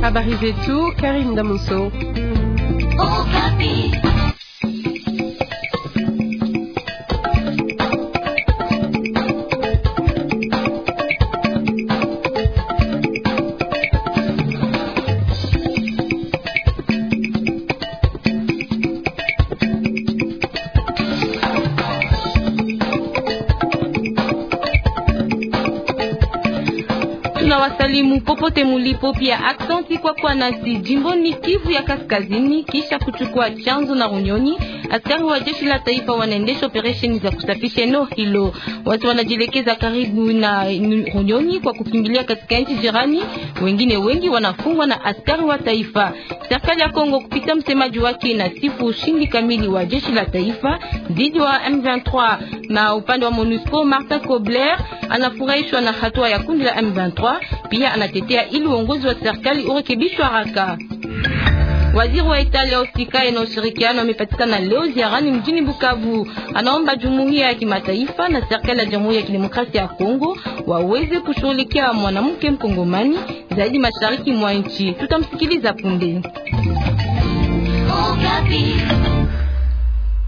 Habari zetu Karim Damoso. wasalimu popote mulipo, pia aksanti kwa kwa nasi jimboni Kivu ya Kaskazini, kisha kuchukua chanzo na unyoni Askari wa jeshi la taifa wanaendesha operesheni za kusafisha eneo hilo. Watu wanajielekeza karibu na Runyoni kwa kukimbilia katika nchi jirani, wengine wengi wanafungwa na askari wa taifa. Serikali ya Kongo kupitia msemaji wake na sifu ushindi kamili wa jeshi la taifa dhidi wa M23, na upande wa MONUSCO Martin Kobler anafurahishwa na hatua ya kundi la M23, pia anatetea ili uongozi wa serikali urekebishwe haraka. Waziri wa Italia usikae na ushirikiano amepatikana leo ziarani mjini Bukavu. Anaomba jumuiya ya kimataifa na serikali ya Jamhuri ya Kidemokrasia ya Kongo waweze kushughulikia mwanamke mkongomani zaidi mashariki mwa nchi. Tutamsikiliza punde.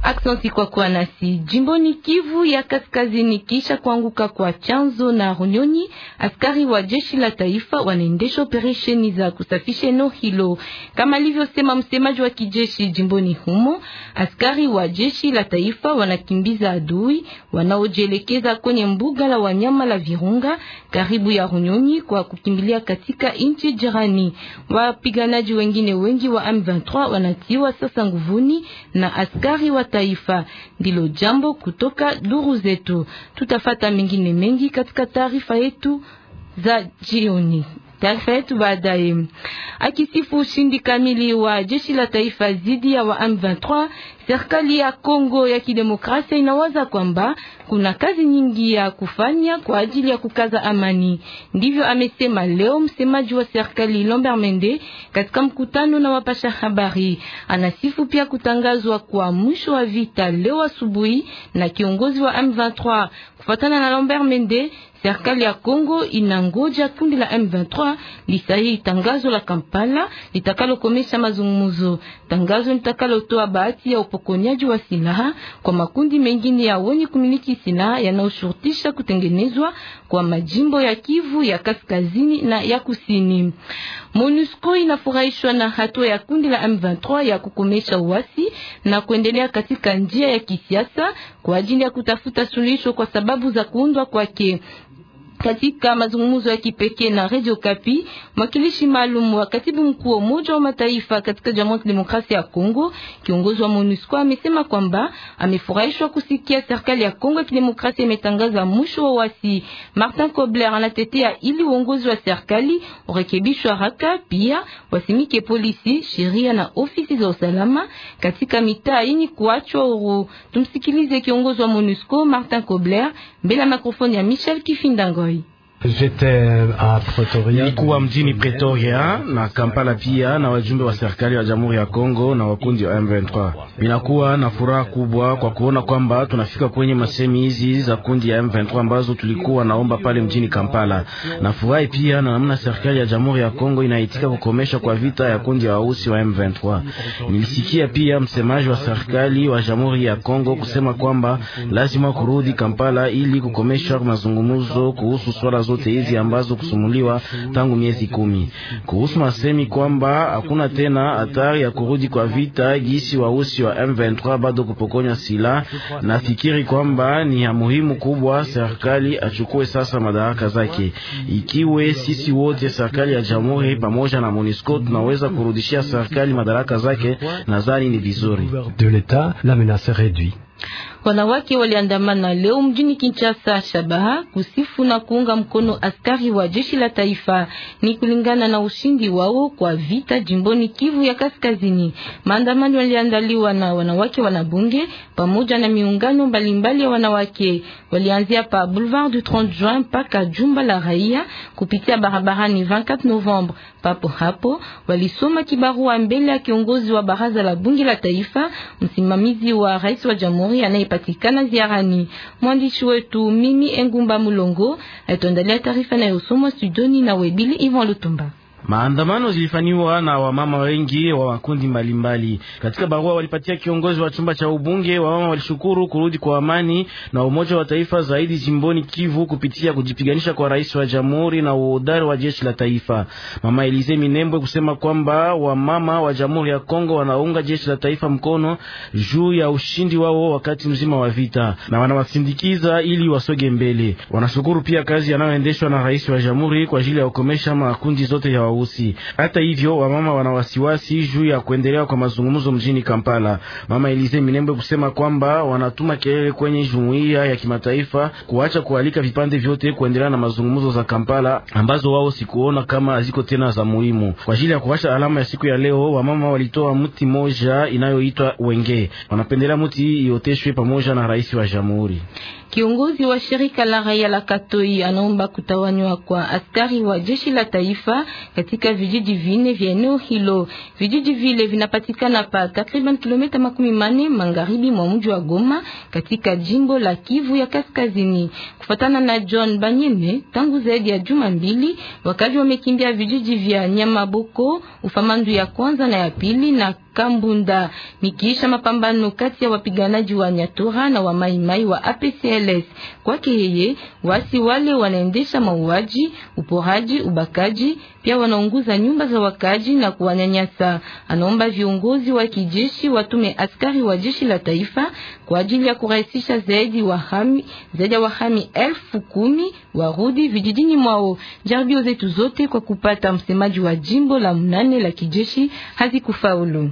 Aksansi kwa kuwa nasi. Jimboni Kivu ya Kaskazini, kisha kuanguka kwa chanzo na Runyonyi, askari wa jeshi la taifa wanaendesha operesheni za kusafisha eneo hilo, kama alivyosema msemaji wa kijeshi jimboni humo. Askari wa jeshi la taifa wanakimbiza adui wanaojielekeza kwenye mbuga la wanyama la Virunga karibu ya Runyonyi kwa kukimbilia katika nchi jirani. Wapiganaji wengine wengi wa M23 wanatiwa sasa nguvuni na askari wa taifa. Ndilo jambo kutoka duru zetu. Tutafata mengine mengi katika taarifa yetu za jioni. Taarifa yetu baadaye. Akisifu ushindi kamili wa jeshi la taifa zidi ya wa M23, serikali ya Kongo ya Kidemokrasia inawaza kwamba kuna kazi nyingi ya kufanya kwa ajili ya kukaza amani. Ndivyo amesema leo msemaji wa serikali Lambert Mende katika mkutano na wapasha habari. Anasifu pia kutangazwa kwa mwisho wa vita leo asubuhi na kiongozi wa M23. Kufuatana na Lambert Mende, serikali ya Kongo inangoja kundi la M23 Goma lisahihi tangazo la Kampala litakalokomesha mazungumzo, tangazo litakalotoa bahati ya upokonyaji wa silaha kwa makundi mengine ya wenye kumiliki silaha yanayoshurutisha kutengenezwa kwa majimbo ya Kivu ya kaskazini na ya kusini. MONUSCO inafurahishwa na hatua ya kundi la M23 ya kukomesha uasi na kuendelea katika njia ya kisiasa kwa ajili ya kutafuta suluhisho kwa sababu za kuundwa kwake. Katika mazungumzo ya kipekee na Radio Kapi, mwakilishi maalum wa katibu mkuu wa Umoja wa Mataifa katika Jamhuri ya Demokrasia ya Kongo, kiongozi wa MONUSCO amesema kwamba amefurahishwa kusikia serikali ya Kongo ya Kidemokrasia imetangaza mwisho wa wasi. Martin Kobler anatetea ili uongozi wa serikali urekebishwe haraka, pia wasimike polisi, sheria na ofisi za usalama katika mitaa yenye kuachwa huru. Tumsikilize kiongozi wa MONUSCO Martin Kobler mbele ya mikrofoni ya Michel Kifindangoy. Nilikuwa mjini Pretoria na Kampala pia na wajumbe wa serikali ya Jamhuri ya Kongo na wakundi wa M23. Ninakuwa na furaha kubwa kwa kuona kwamba tunafika kwenye masemi hizi za kundi ya M23 ambazo tulikuwa naomba pale mjini Kampala. Nafurahi pia na namna serikali ya Jamhuri ya Kongo inaitika kukomesha kwa vita ya kundi ya wausi wa M23. Nilisikia pia msemaji wa serikali wa Jamhuri ya Kongo kusema kwamba lazima kurudi Kampala ili kukomesha mazungumzo kuhusu swala zote hizi ambazo kusumuliwa tangu miezi kumi. Kuhusu masemi kwamba hakuna tena hatari ya kurudi kwa vita gisi wausi wa M23 bado kupokonywa sila nafikiri kwamba ni ya muhimu kubwa serikali achukue sasa madaraka zake. Ikiwe sisi wote serikali ya jamhuri pamoja na MONUSCO tunaweza kurudishia serikali madaraka zake, nadhani ni vizuri. Wanawake waliandamana leo mjini Kinshasa shabaha kusifu na kuunga mkono askari wa jeshi la taifa, ni kulingana na ushindi wao kwa vita jimboni Kivu ya Kaskazini. Maandamano yaliandaliwa na wanawake wanabunge pamoja na miungano mbalimbali ya wanawake. Walianzia pa Boulevard du 30 Juin mpaka jumba la raia kupitia barabarani 24 Novembre. Papo hapo walisoma kibarua mbele ya kiongozi wa baraza la bunge la taifa, msimamizi wa rais wa jamhuri anaye yanapatikana ziarani. Mwandishi wetu Mimi Engumba Mulongo atondalia taarifa na yosomwa studioni na Webili Ivan Lutumba. Maandamano zilifanywa na wamama wengi wa makundi mbalimbali. Katika barua walipatia kiongozi wa chumba cha ubunge, wamama walishukuru kurudi kwa amani na Umoja wa Taifa zaidi jimboni Kivu kupitia kujipiganisha kwa rais wa jamhuri na uhodari wa jeshi la taifa. Mama Elize Minembwe kusema kwamba wamama wa Jamhuri ya Kongo wanaunga jeshi la taifa mkono juu ya ushindi wao wakati mzima wa vita na wanawasindikiza ili wasoge mbele. Wanashukuru pia kazi yanayoendeshwa na rais wa jamhuri kwa ajili ya kukomesha makundi zote ya weusi. Hata hivyo, wamama wana wasiwasi juu ya kuendelea kwa mazungumzo mjini Kampala. Mama Elize Minembwe kusema kwamba wanatuma kelele kwenye jumuiya ya kimataifa kuacha kualika vipande vyote kuendelea na mazungumzo za Kampala ambazo wao sikuona kama haziko tena za muhimu. Kwa ajili ya kuwasha alama ya siku ya leo, wamama walitoa mti moja inayoitwa wenge. Wanapendelea mti hii ioteshwe pamoja na rais wa jamhuri. Kiongozi wa shirika la raia la Katoi anaomba kutawanywa kwa askari wa jeshi la taifa katika vijiji vine vya eneo hilo. Vijiji vile vinapatikana pa takriban kilomita makumi mane magharibi mwa mji wa Goma katika jimbo la Kivu ya Kaskazini. Kufatana na John Banyene, tangu zaidi ya juma mbili wakazi wamekimbia vijiji vya Nyamaboko, Ufamandu ya kwanza na ya pili na Kambunda nikiisha mapambano kati ya wapiganaji wa Nyatura na wa Maimai wa APCLS. Kwake yeye, wasi wale wanaendesha mauaji, uporaji, ubakaji, pia wanaunguza nyumba za wakaji na kuwanyanyasa. Anaomba viongozi wa kijeshi watume askari wa jeshi la taifa kwa ajili ya kurahisisha zaidi wahami zaidi ya wahami elfu kumi warudi vijijini mwao. Jaribio zetu zote kwa kupata msemaji wa jimbo la mnane la kijeshi hazikufaulu.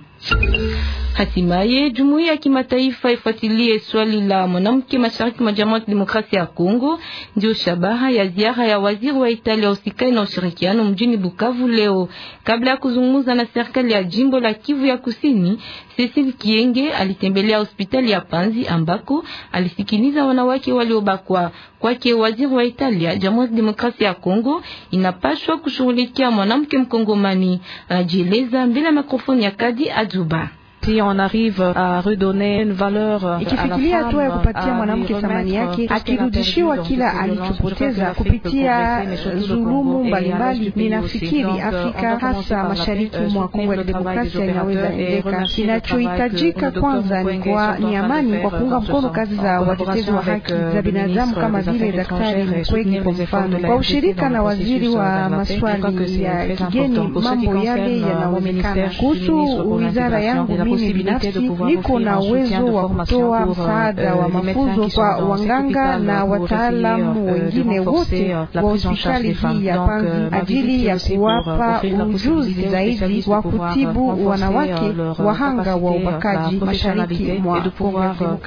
Hatimaye jumuiya ya kimataifa ifuatilie swali la mwanamke mashariki mwa Jamhuri ya Kidemokrasia ya Kongo. Ndio shabaha ya ziara ya waziri wa Italia usikae na ushirikiano mjini Bukavu leo, kabla ya kuzungumza na serikali ya jimbo la Kivu ya Kusini. Cecil Kienge alitembelea hospitali ya Panzi ambako alisikiliza wanawake waliobakwa. Kwake waziri wa Italia, Jamhuri ya Demokrasia ya Kongo inapaswa kushughulikia mwanamke mkongomani. Anajieleza mbele ya mikrofoni ya Kadi Azuba si on arrive à redonner une valeur. Ikifikilia hatua ya kupatia mwanamke thamani yake, akirudishiwa kila alichopoteza kupitia zulumu mbalimbali, ninafikiri Afrika hasa mashariki mwa Kongo ya Kidemokrasia inaweza endeka. Kinachohitajika kwanza ni kwa ni amani kwa kuunga mkono kazi za watetezi wa haki za binadamu kama vile Daktari Mukwege kwa mfano, kwa ushirika na waziri wa maswali ya kigeni, mambo yale yanaonekana. Kuhusu wizara yangu mimi binafsi niko na uwezo euh, euh, wa kutoa msaada wa mafunzo kwa wanganga na wataalamu wengine wote wa hospitali hii ya Panzi euh, ajili ya kuwapa ujuzi zaidi wa kutibu wanawake wahanga wa ubakaji mashariki mwa Demokrasia.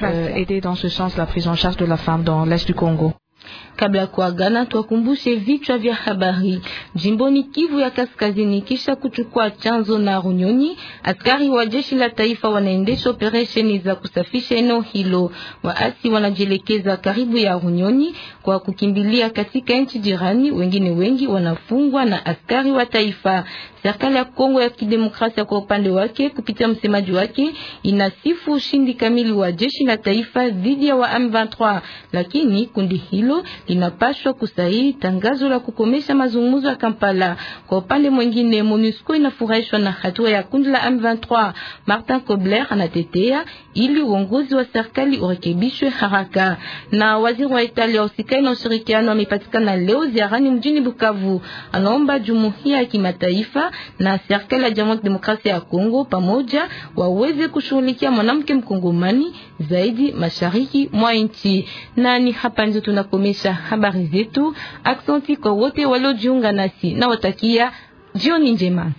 Kabla kuagana, tuwakumbushe vichwa vya habari. Jimboni Kivu ya Kaskazini, kisha kuchukua chanzo na Runyoni, askari wa jeshi la taifa wanaendesha operesheni za kusafisha eneo hilo. Waasi wanajielekeza karibu ya Runyoni kwa kukimbilia katika nchi jirani, wengine wengi wanafungwa na askari wa taifa. Serikali ya Kongo ya Kidemokrasia kwa upande wake kupitia msemaji wake inasifu ushindi kamili wa jeshi la taifa dhidi ya wa M23, lakini kundi hilo linapaswa kusahihi tangazo la kukomesha mazungumzo ya Kampala. Kwa upande mwingine, MONUSCO inafurahishwa na hatua ya kundi la M23. Martin Kobler anatetea ili uongozi wa serikali urekebishwe haraka. Na waziri wa Italia usikae na ushirikiano amepatikana leo ziarani mjini Bukavu, anaomba jumuiya ya kimataifa na serikali ya Jamhuri ya Demokrasia ya Kongo pamoja waweze kushughulikia mwanamke mkongomani zaidi mashariki mwa nchi. Na ni hapa ndio tunakomesha kufuata habari zetu. Aksanti kwa wote waliojiunga nasi na watakia jioni njema.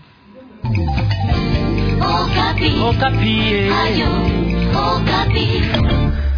Okapi. Okapi. Eh. Ayo. Okapi.